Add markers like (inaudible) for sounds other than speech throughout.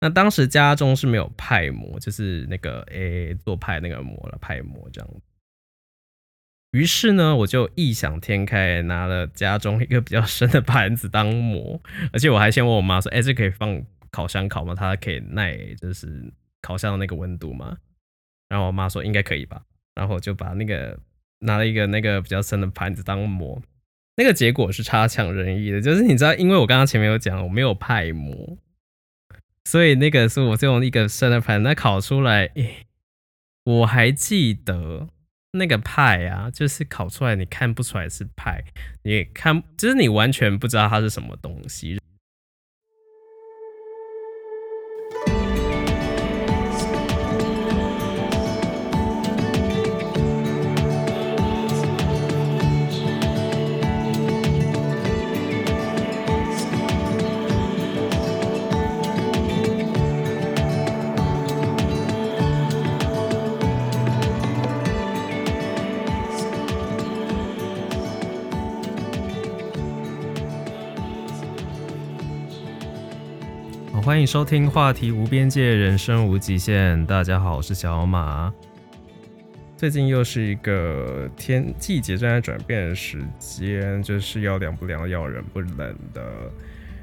那當時家中是沒有派模，就是那個誒、欸、做派那個模了，派模這樣。於是呢，我就異想天開，拿了家中一個比較深的盤子當模。而且我還先問我媽說：“哎、欸，這可以放烤箱烤嗎？它可以耐，就是烤箱的那個溫度嗎？”然後我媽說：“應該可以吧。”然後我就把那個拿了一個那個比較深的盤子當模。那個結果是差強人意的，就是你知道，因為我剛剛前面有講，我沒有派模。所以那個是我用一個生的派，那烤出來，欸，我還記得那個派啊，就是烤出來你看不出來是派，你看，就是你完全不知道它是什麼東西。歡迎收聽話題無邊界，人生無極限。大家好，我是小馬。最近又是一個天季節正在轉變的時間，就是要涼不涼，要冷不冷的。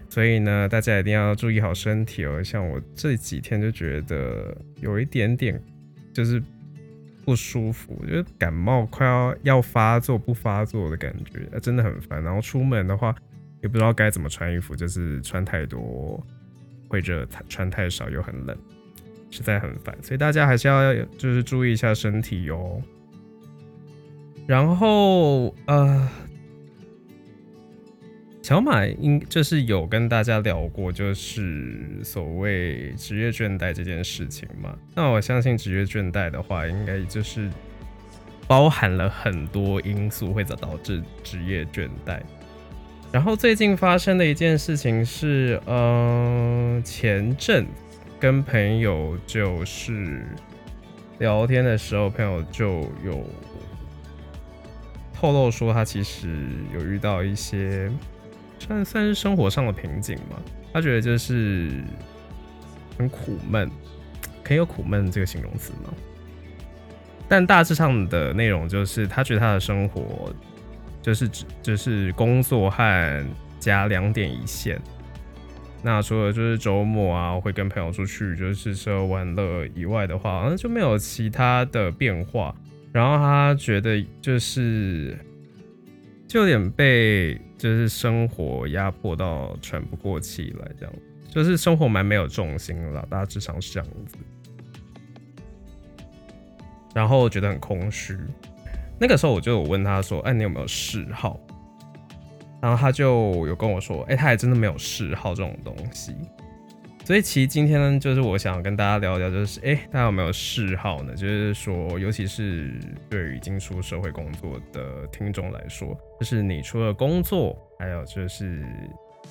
所以呢，大家一定要注意好身體哦。像我這幾天就覺得有一點點就是不舒服，就是感冒快要要發作不發作的感覺，啊，真的很煩。然後出門的話，也不知道該怎麼穿衣服，就是穿太多。或者穿穿太少又很冷，實在很煩，所以大家還是要就是注意一下身體喲、喔。然後呃，小馬應就是有跟大家聊過，就是所謂職業倦怠這件事情嘛。那我相信職業倦怠的話，應該就是包含了很多因素會導致職業倦怠。然後最近發生的一件事情是，呃，前陣跟朋友就是聊天的時候，朋友就有透露說，他其實有遇到一些，算算是生活上的瓶頸嘛。他覺得就是很苦悶，可以有苦悶這個形容詞嗎？但大致上的內容就是，他覺得他的生活。就是就是工作和家兩點一線，那除了就是周末啊，我會跟朋友出去就是吃喝玩樂以外的話，好像就沒有其他的變化。然後他覺得就是就有點被就是生活壓迫到喘不過氣來，這樣就是生活蠻沒有重心的啦，大致上是這樣子，然後覺得很空虛。那個時候我就有問他說：“欸，你有沒有嗜好？”然後他就有跟我說：“欸，他也真的沒有嗜好這種東西。”所以其實今天呢，就是我想跟大家聊一聊，就是哎，大家有沒有嗜好呢？就是說，尤其是對於已經出社會工作的聽眾來說，就是你除了工作，還有就是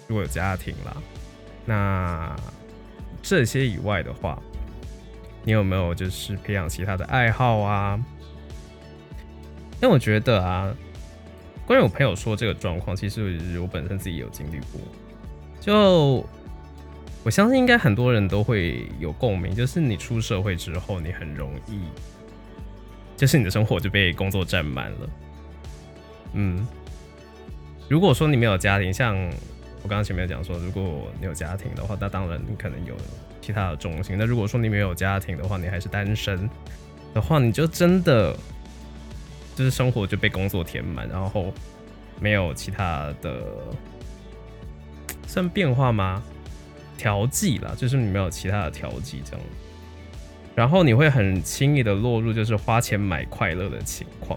如果有家庭啦，那這些以外的話，你有沒有就是培養其他的愛好啊？但我覺得啊，關於我朋友說這個狀況，其實我本身自己有經歷過。就我相信，應該很多人都會有共鳴，就是你出社會之後，你很容易，就是你的生活就被工作占滿了。嗯，如果說你沒有家庭，像我剛剛前面講說，如果你有家庭的話，那當然你可能有其他的重心。那如果說你沒有家庭的話，你還是單身的話，你就真的。就是生活就被工作填滿，然後沒有其他的，算變化嗎？調劑啦，就是你沒有其他的調劑，這樣。然後你會很輕易的落入就是花錢買快樂的情況。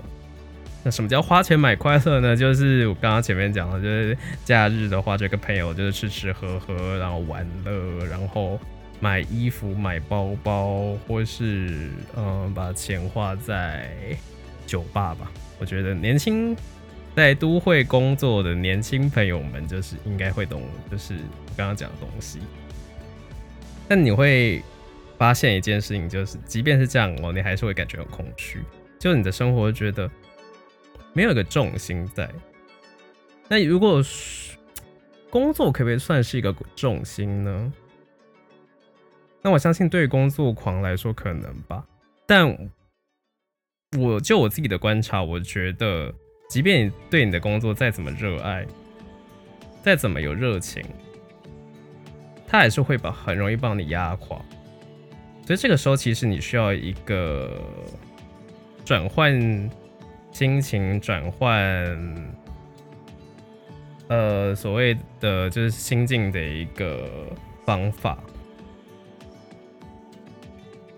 那什麼叫花錢買快樂呢？就是我剛剛前面講的，就是假日的話，就跟朋友就是吃吃喝喝，然後玩樂，然後買衣服、買包包，或是嗯、呃，把錢花在。酒吧吧，我覺得年輕在都會工作的年輕朋友們，就是應該會懂，就是我剛剛講的東西。但你會發現一件事情，就是即便是這樣哦，你還是會感覺很空虛，就你的生活覺得沒有一個重心在。那如果是工作可不可以算是一個重心呢？那我相信對工作狂來說可能吧，但。我就我自己的觀察，我覺得，即便你對你的工作再怎麼熱愛，再怎麼有熱情，它還是會把很容易把你壓垮。所以這個時候，其實你需要一個轉換心情、轉換呃所謂的就是心境的一個方法。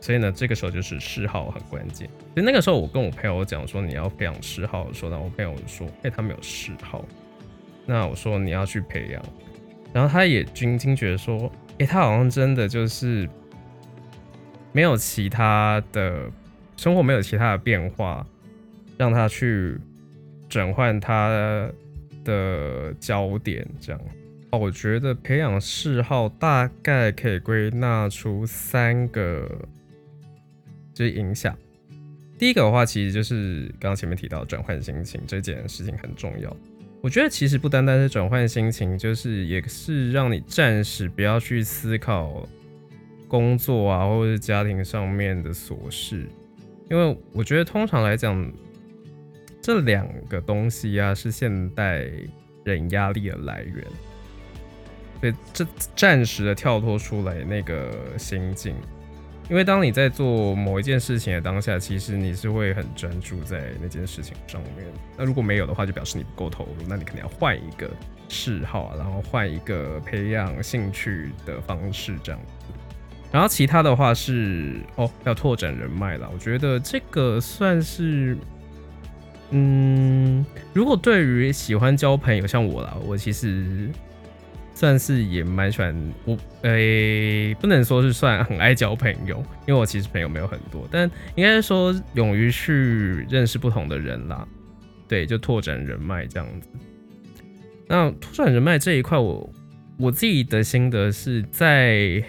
所以呢，這個時候就是嗜好很關鍵。所以那個時候，我跟我朋友講說，你要培養嗜好的時候。那我朋友就說，誒、欸，他沒有嗜好。那我說你要去培養。然後他也均聽覺得說，誒、欸，他好像真的就是沒有其他的，生活沒有其他的變化，讓他去轉換他的焦點。這樣，我覺得培養嗜好大概可以歸納出三個。就是、影響第一個的話，其實就是剛剛前面提到轉換心情這件事情很重要。我覺得其實不單單是轉換心情，就是也是讓你暫時不要去思考工作啊，或者是家庭上面的瑣事，因為我覺得通常來講這兩個東西呀、啊，是現代人壓力的來源，所以這暫時的跳脫出來那個心境。因為當你在做某一件事情的當下，其實你是會很專注在那件事情上面。那如果沒有的話，就表示你不夠投入，那你肯定要換一個嗜好啊，然後換一個培養興趣的方式這樣子。然後其他的話是哦，要拓展人脈了。我覺得這個算是，嗯，如果對於喜歡交朋友像我啦，我其實。算是也蠻喜歡，我，誒、欸，不能說是算很愛交朋友，因為我其實朋友沒有很多，但應該說勇於去認識不同的人啦，對，就拓展人脈這樣子。那拓展人脈這一塊，我我自己的心得是在，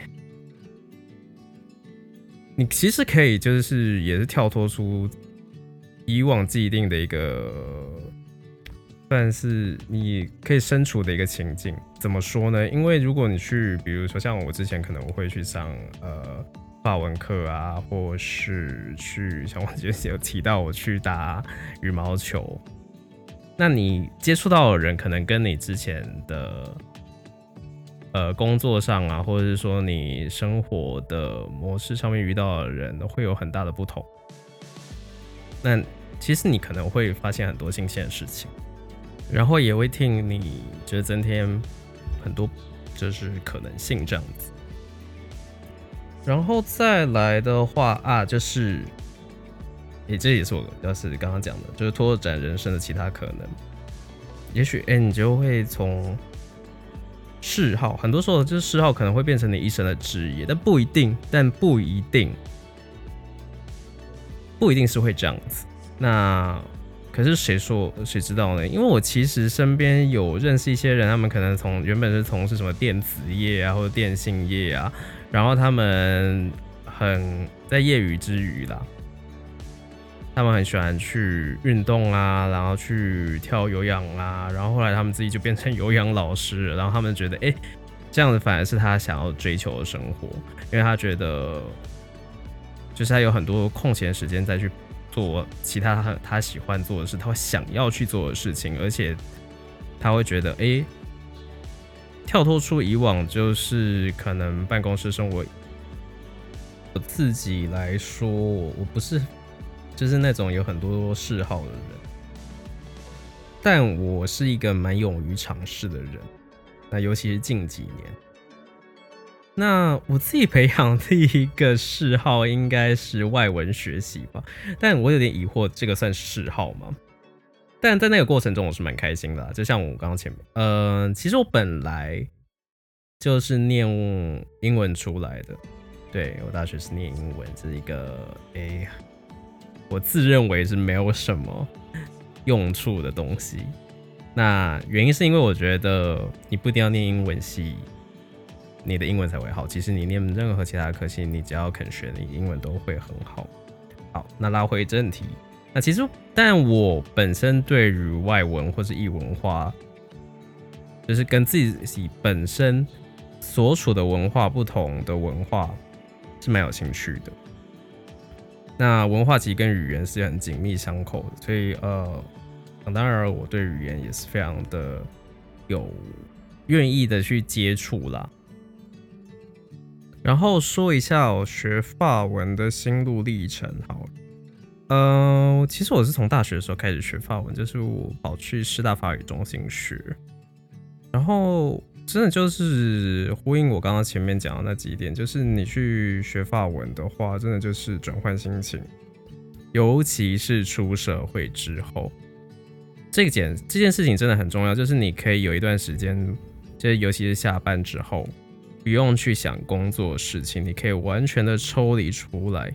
你其實可以就是是也是跳脫出以往既定的一個，算是你可以身處的一個情境，怎麼說呢？因為如果你去，比如說像我之前可能我會去上呃法文課啊，或是去像我之前有提到我去打羽毛球，那你接觸到的人可能跟你之前的呃工作上啊，或者是說你生活的模式上面遇到的人會有很大的不同。那其實你可能會發現很多新鮮的事情。然後也會替你，就是增添很多，就是可能性這樣子。然後再來的話啊，就是，誒，這也是我要是剛剛講的，就是拓展人生的其他可能。也許誒、欸，你就會從嗜好，很多時候就是嗜好可能會變成你一生的職業，但不一定，但不一定，不一定是會這樣子。那。可是誰說，誰知道呢？因為我其實身邊有認識一些人，他們可能從原本是從事什麼電子業啊，或者電信業啊，然後他們很在業餘之餘啦，他們很喜歡去運動啊，然後去跳有氧啊，然後後來他們自己就變成有氧老師，然後他們覺得，哎、欸，這樣子反而是他想要追求的生活，因為他覺得，就是他有很多空閒時間再去。做其他他，他喜歡做的事，他會想要去做的事情，而且他會覺得，哎、欸，跳脫出以往就是可能辦公室生活。我自己來說，我我不是就是那種有很多，多嗜好的人，但我是一個蠻勇於嘗試的人，那尤其是近幾年。那我自己培養的一個嗜好應該是外文學習吧，但我有點疑惑，這個算嗜好嗎？但在那個過程中，我是蠻開心的。就像我剛剛前面，呃，其實我本來就是念英文出來的，對，我大學是念英文，是一個誒，欸，我自認為是沒有什麼用處的東西。那原因是因為我覺得你不一定要念英文系。你的英文才會好。其實你念任何其他科系，你只要肯學，你英文都會很好。好，那拉回正題，那其實但我本身對於外文或是異文化，就是跟自己本身所處的文化不同的文化，是蠻有興趣的。那文化其實跟語言是很緊密相扣的，所以呃，當然我對語言也是非常的有願意的去接觸啦。然後說一下我、哦、學法文的心路歷程。好，嗯、呃，其實我是從大學的時候開始學法文，就是我跑去師大法語中心學。然後，真的就是呼應我剛剛前面講的那幾點，就是你去學法文的話，真的就是轉換心情，尤其是出社會之後，這件這件事情真的很重要，就是你可以有一段時間，就尤其是下班之後，不用去想工作的事情，你可以完全的抽離出來。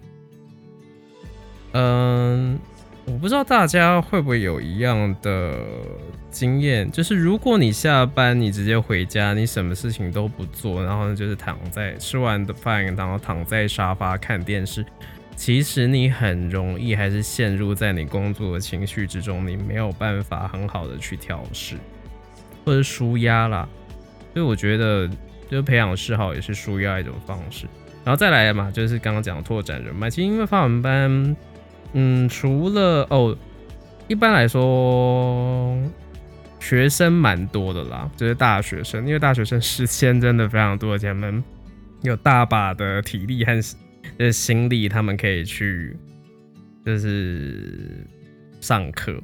嗯，我不知道大家會不會有一樣的經驗，就是如果你下班你直接回家，你什麼事情都不做，然後就是躺在吃完的飯，然後躺在沙發看電視，其實你很容易還是陷入在你工作的情緒之中，你沒有辦法很好的去調適或者舒壓啦。所以我覺得。就是培養嗜好也是舒壓一種方式，然後再來嘛，就是剛剛講拓展人脈，其實因為法文班，嗯，除了哦，一般來說學生蠻多的啦，就是大學生，因為大學生時間真的非常多，他們有大把的體力和呃心力，他們可以去就是上課，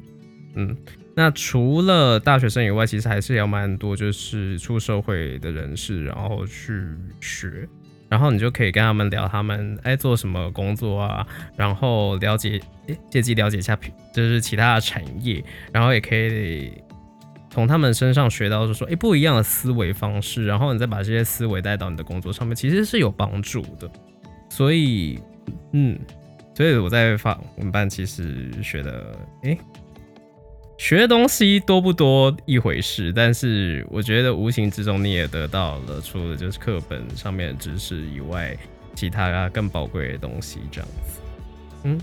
嗯。那除了大學生以外，其實還是有蠻多就是出社會的人士，然後去學，然後你就可以跟他們聊，他們愛做什麼工作啊，然後了解，欸、借機了解一下就是其他的產業，然後也可以從他們身上學到就是說誒、欸、不一樣的思維方式，然後你再把這些思維帶到你的工作上面，其實是有幫助的。所以，嗯，所以我在發我們班其實學的誒。欸學的東西多不多一回事，但是我覺得無形之中你也得到了，除了就是課本上面的知識以外，其他更寶貴的東西。這樣子，嗯。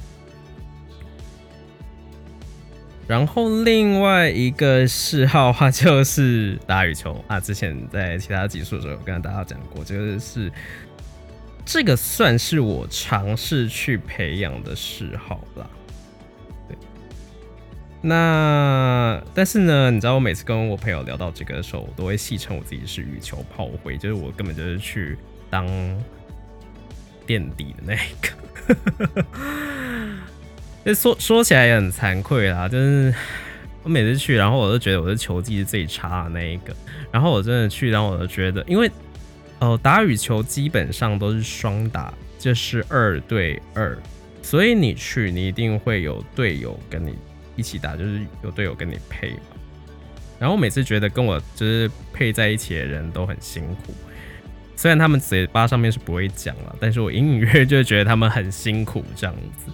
然後另外一個嗜好話就是打羽球啊，之前在其他集數的時候有跟大家講過，就是這個算是我嘗試去培養的嗜好吧。那但是呢，你知道我每次跟我朋友聊到這個的時候，我都會戲稱我自己是羽球炮灰，就是我根本就是去當墊底的那一個。這 (laughs) 說說起來也很慚愧啦，就是我每次去，然後我都覺得我的球技是最差的那一個。然後我真的去，然後我都覺得，因為哦、呃、打羽球基本上都是雙打，就是二對二，所以你去你一定會有隊友跟你。一起打就是有隊友跟你配嘛，然後我每次覺得跟我就是配在一起的人都很辛苦，雖然他們嘴巴上面是不會講了，但是我隱隱約約就覺得他們很辛苦這樣子。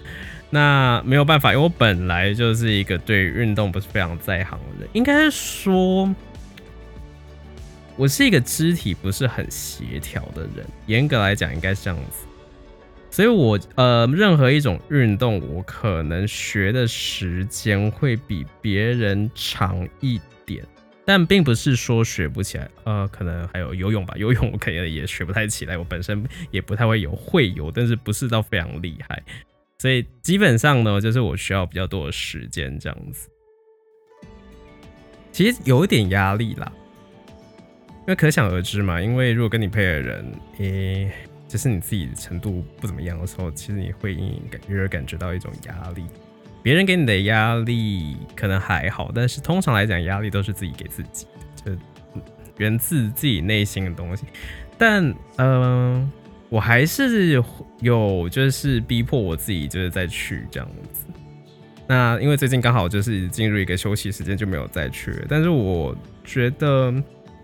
那沒有辦法，因為我本來就是一個對運動不是非常在行的人，應該說，我是一個肢體不是很協調的人，嚴格來講應該是這樣子。所以我，我呃，任何一種運動，我可能學的時間會比別人長一點，但並不是說學不起來。呃，可能還有游泳吧，游泳我可能也學不太起來，我本身也不太會游，會游，但是不是到非常厲害。所以基本上呢，就是我需要比較多的時間這樣子。其實有一點壓力啦，因為可想而知嘛，因為如果跟你配的人，誒、欸。就是你自己的程度不怎麼樣的時候，其實你會隱隱約約感覺到一種壓力。別人給你的壓力可能還好，但是通常來講，壓力都是自己給自己，就源自自己內心的東西。但嗯、呃，我還是有就是逼迫我自己，就是再去這樣子。那因為最近剛好就是進入一個休息時間，就沒有再去。但是我覺得，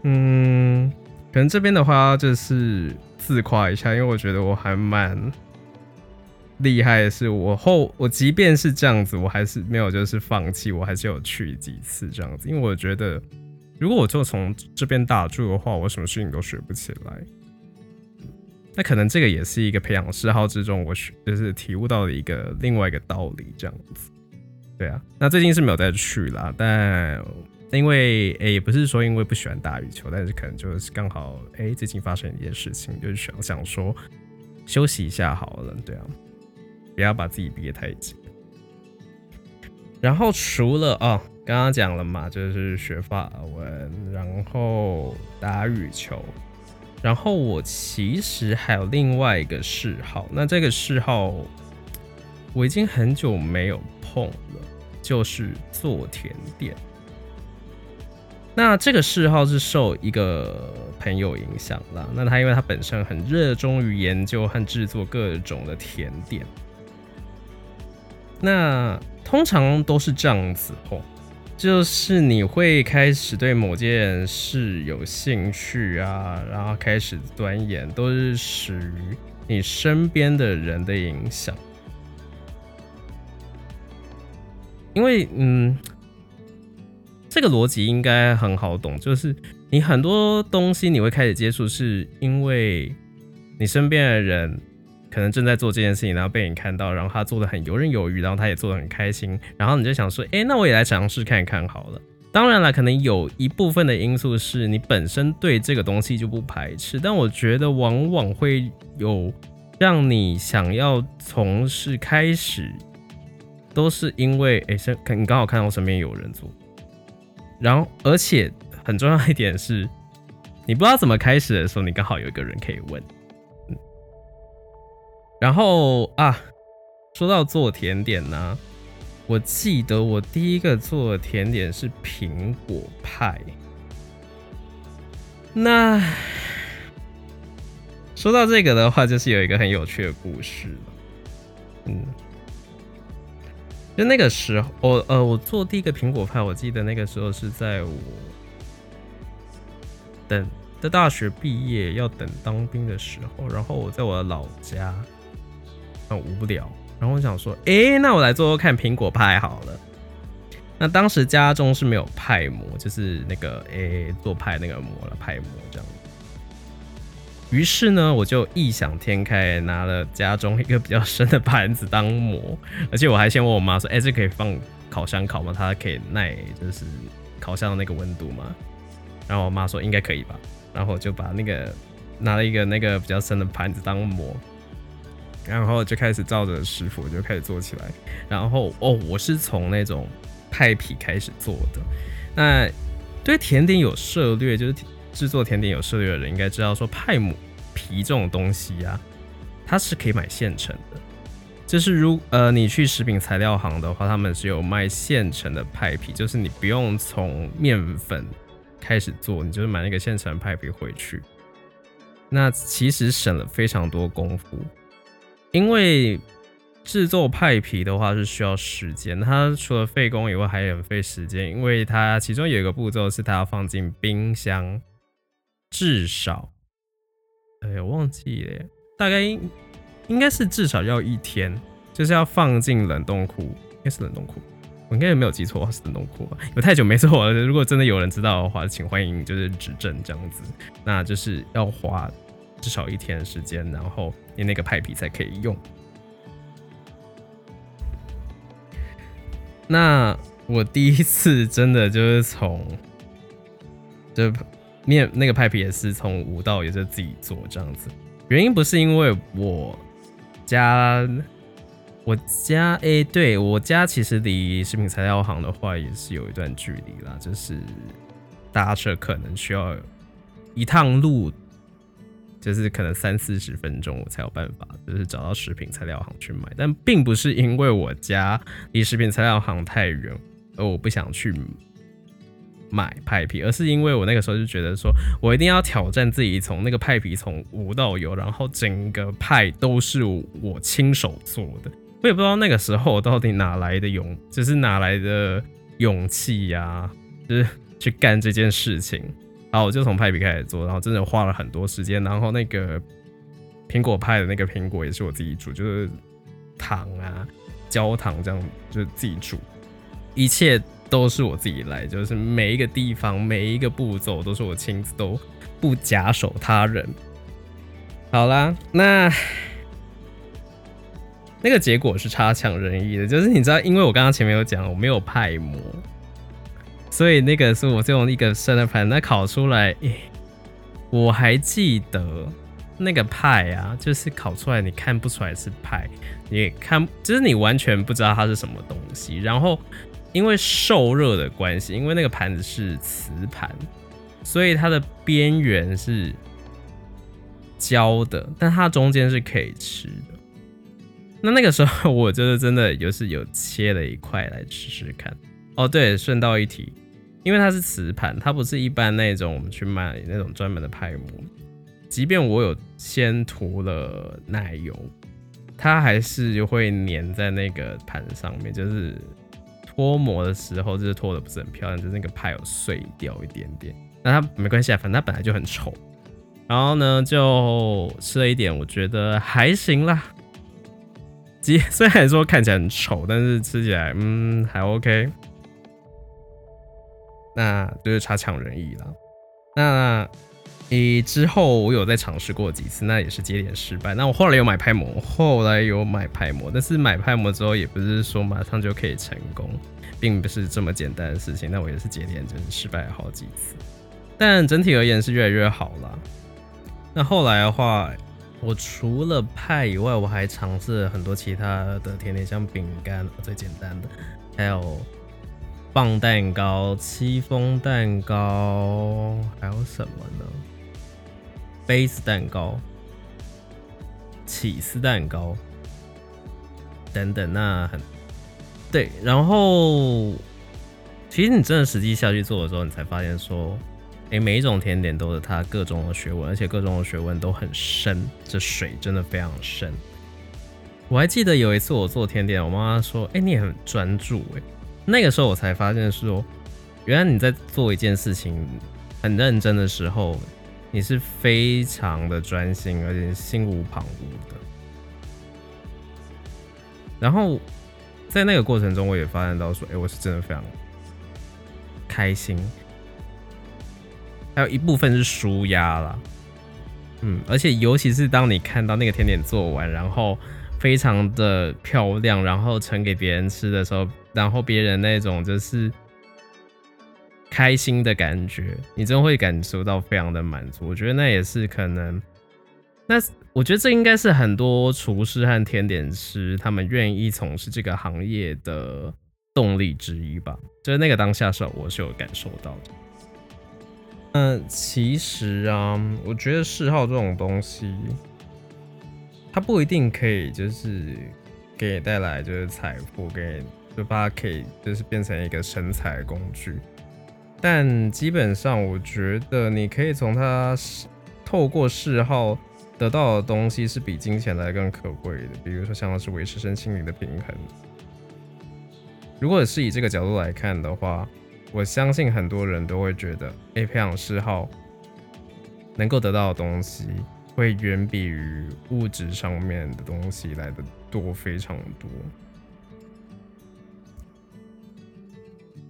嗯，可能這邊的話就是。自誇一下，因為我覺得我還蠻厲害的，是我後我即便是這樣子，我還是沒有就是放棄，我還是有去幾次這樣子，因為我覺得如果我就從這邊打住的話，我什麼事情都學不起來。那可能這個也是一個培養嗜好之中，我學就是體悟到了一個另外一個道理這樣子。對啊，那最近是沒有再去啦，但。因為誒、欸，也不是說因為不喜歡打羽球，但是可能就是剛好誒、欸，最近發生一件事情，就是想想說休息一下好了。對啊，不要把自己逼得太緊。然後除了啊，剛剛講了嘛，就是學法文，然後打羽球，然後我其實還有另外一個嗜好。那這個嗜好我已經很久沒有碰了，就是做甜點。那這個嗜好是受一個朋友影響了。那他因為他本身很熱衷於研究和製作各種的甜點。那通常都是這樣子哦，就是你會開始對某件事有興趣啊，然後開始鑽研，都是始於你身邊的人的影響。因為嗯。這個邏輯應該很好懂，就是你很多東西你會開始接觸，是因為你身邊的人可能正在做這件事情，然後被你看到，然後他做的很游刃有餘，然後他也做的很開心，然後你就想說，哎，那我也來嘗試看看好了。當然了，可能有一部分的因素是你本身對這個東西就不排斥，但我覺得往往會有讓你想要從事開始，都是因為，哎，身，你剛好看到身邊有人做。然後，而且很重要一點是，你不知道怎麼開始的時候，你剛好有一個人可以問。嗯，然後啊，說到做甜點呢，啊，我記得我第一個做甜點是蘋果派。那說到這個的話，就是有一個很有趣的故事。嗯。就那個時候，我、哦、呃，我做第一個蘋果派，我記得那個時候是在我等在大學畢業要等當兵的時候，然後我在我的老家很、嗯、無聊，然後我想說，哎、欸，那我來做做看蘋果派好了。那當時家中是沒有派模，就是那個誒、欸、做派那個模了，派模這樣子。於是呢，我就異想天開，拿了家中一個比較深的盤子當模，而且我還先問我媽說：“誒、欸，這可以放烤箱烤嗎？它可以耐，就是烤箱的那個溫度嗎？”然後我媽說：“應該可以吧。”然後我就把那個拿了一個那個比較深的盤子當模，然後就開始照着食譜就開始做起來。然後哦，我是從那種派皮開始做的。那對甜點有涉獵，就是。製作甜點有涉獵的人應該知道，說派母皮這種東西呀、啊，它是可以買現成的。就是如呃，你去食品材料行的話，他們是有賣現成的派皮，就是你不用從麵粉開始做，你就是買那個現成的派皮回去。那其實省了非常多功夫，因為製作派皮的話是需要時間，它除了費工以外，還很費時間，因為它其中有一個步驟是它要放進冰箱。至少，哎，我忘記了，大概應應該是至少要一天，就是要放進冷凍庫，應該是冷凍庫，我應該也沒有記錯，是冷凍庫吧？有太久沒做了，如果真的有人知道的話，請歡迎就是指正這樣子。那就是要花至少一天的時間，然後你那個派皮才可以用。那我第一次真的就是從這。面那個派皮也是從無到，也是自己做這樣子。原因不是因為我家我家哎、欸，對我家其實離食品材料行的話也是有一段距離啦，就是搭車可能需要一趟路，就是可能三四十分鐘我才有辦法，就是找到食品材料行去買。但並不是因為我家離食品材料行太遠，而我不想去。買派皮，而是因為我那個時候就覺得，說我一定要挑戰自己，從那個派皮從無到有，然後整個派都是我親手做的。我也不知道那個時候我到底哪來的勇，就是哪來的勇氣呀、啊，就是去幹這件事情。好，我就從派皮開始做，然後真的花了很多時間。然後那個蘋果派的那個蘋果也是我自己煮，就是糖啊、焦糖這樣，就是自己煮，一切。都是我自己來，就是每一個地方、每一個步驟都是我親自，都不假手他人。好啦，那那個結果是差強人意的，就是你知道，因為我剛剛前面有講，我沒有派模，所以那個是我用一個生的盤，那烤出來、欸，我還記得那個派啊，就是烤出來你看不出來是派，你看就是你完全不知道它是什麼東西，然後。因為受熱的關係，因為那個盤子是瓷盤，所以它的邊緣是焦的，但它中間是可以吃的。那那個時候，我就是真的有是有切了一塊來吃吃看。哦，對，順道一提，因為它是瓷盤，它不是一般那種我們去買那種專門的派模。即便我有先塗了奶油，它還是會粘在那個盤上面，就是。脫模的時候就是脫得不是很漂亮，就是那個派有碎掉一點點，那它沒關係啊，反正它本來就很醜。然後呢，就吃了一點，我覺得還行啦。雞雖然說看起來很醜，但是吃起來嗯還 OK，那就是差強人意啦。那之後我有再嘗試過幾次，那也是接連失敗。那我後來有買派模，後來有買派模，但是買派模之後也不是說馬上就可以成功，並不是這麼簡單的事情。那我也是接連就是失敗了好幾次，但整體而言是越來越好了。那後來的話，我除了派以外，我還嘗試了很多其他的甜點，像餅乾最簡單的，還有磅蛋糕、戚風蛋糕，還有什麼呢？杯子蛋糕、起司蛋糕等等，那很對。然後，其實你真的實際下去做的時候，你才發現說，哎、欸，每一種甜點都是它各種的學問，而且各種的學問都很深，這水真的非常深。我還記得有一次我做甜點，我媽媽說：“哎、欸，你很專注。”哎，那個時候我才發現說，原來你在做一件事情很認真的時候。你是非常的專心，而且心無旁騖的。然後在那個過程中，我也發現到說，誒、欸，我是真的非常開心，還有一部分是舒壓啦。嗯，而且尤其是當你看到那個甜點做完，然後非常的漂亮，然後呈給別人吃的時候，然後別人那種就是。開心的感覺，你真的會感受到非常的滿足。我覺得那也是可能，那我覺得這應該是很多廚師和甜點師他們願意從事這個行業的動力之一吧。就是那個當下時候，我是有感受到的。嗯、呃，其實啊，我覺得嗜好這種東西，它不一定可以就是給你帶來就是財富，給你就把它可以就是變成一個生財工具。但基本上，我覺得你可以從他透過嗜好得到的東西是比金錢來更可貴的。比如說，像是維持身心靈的平衡。如果是以這個角度來看的話，我相信很多人都會覺得，哎、欸，培養嗜好能夠得到的東西，會遠比於物質上面的東西來的多，非常多。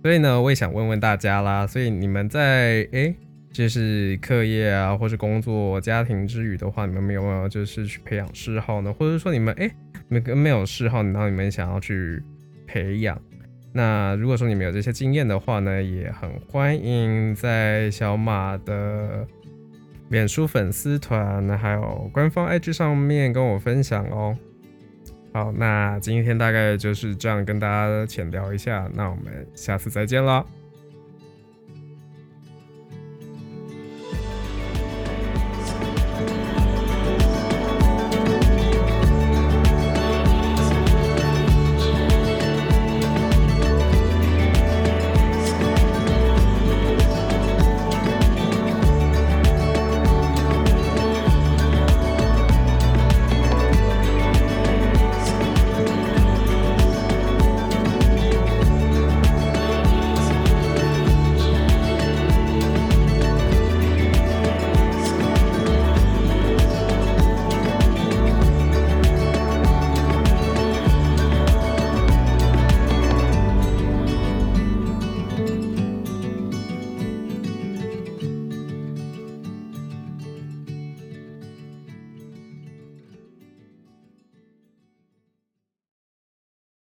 所以呢，我也想問問大家啦。所以你們在哎、欸，就是課業啊，或是工作、家庭之餘的話，你們有沒有就是去培養嗜好呢？或者說你們哎，個、欸、沒有嗜好，然後你們想要去培養？那如果說你們有這些經驗的話呢，也很歡迎在小馬的，臉書粉絲團還有官方 IG 上面跟我分享哦。好，那今天大概就是這樣跟大家淺聊一下，那我們下次再見了。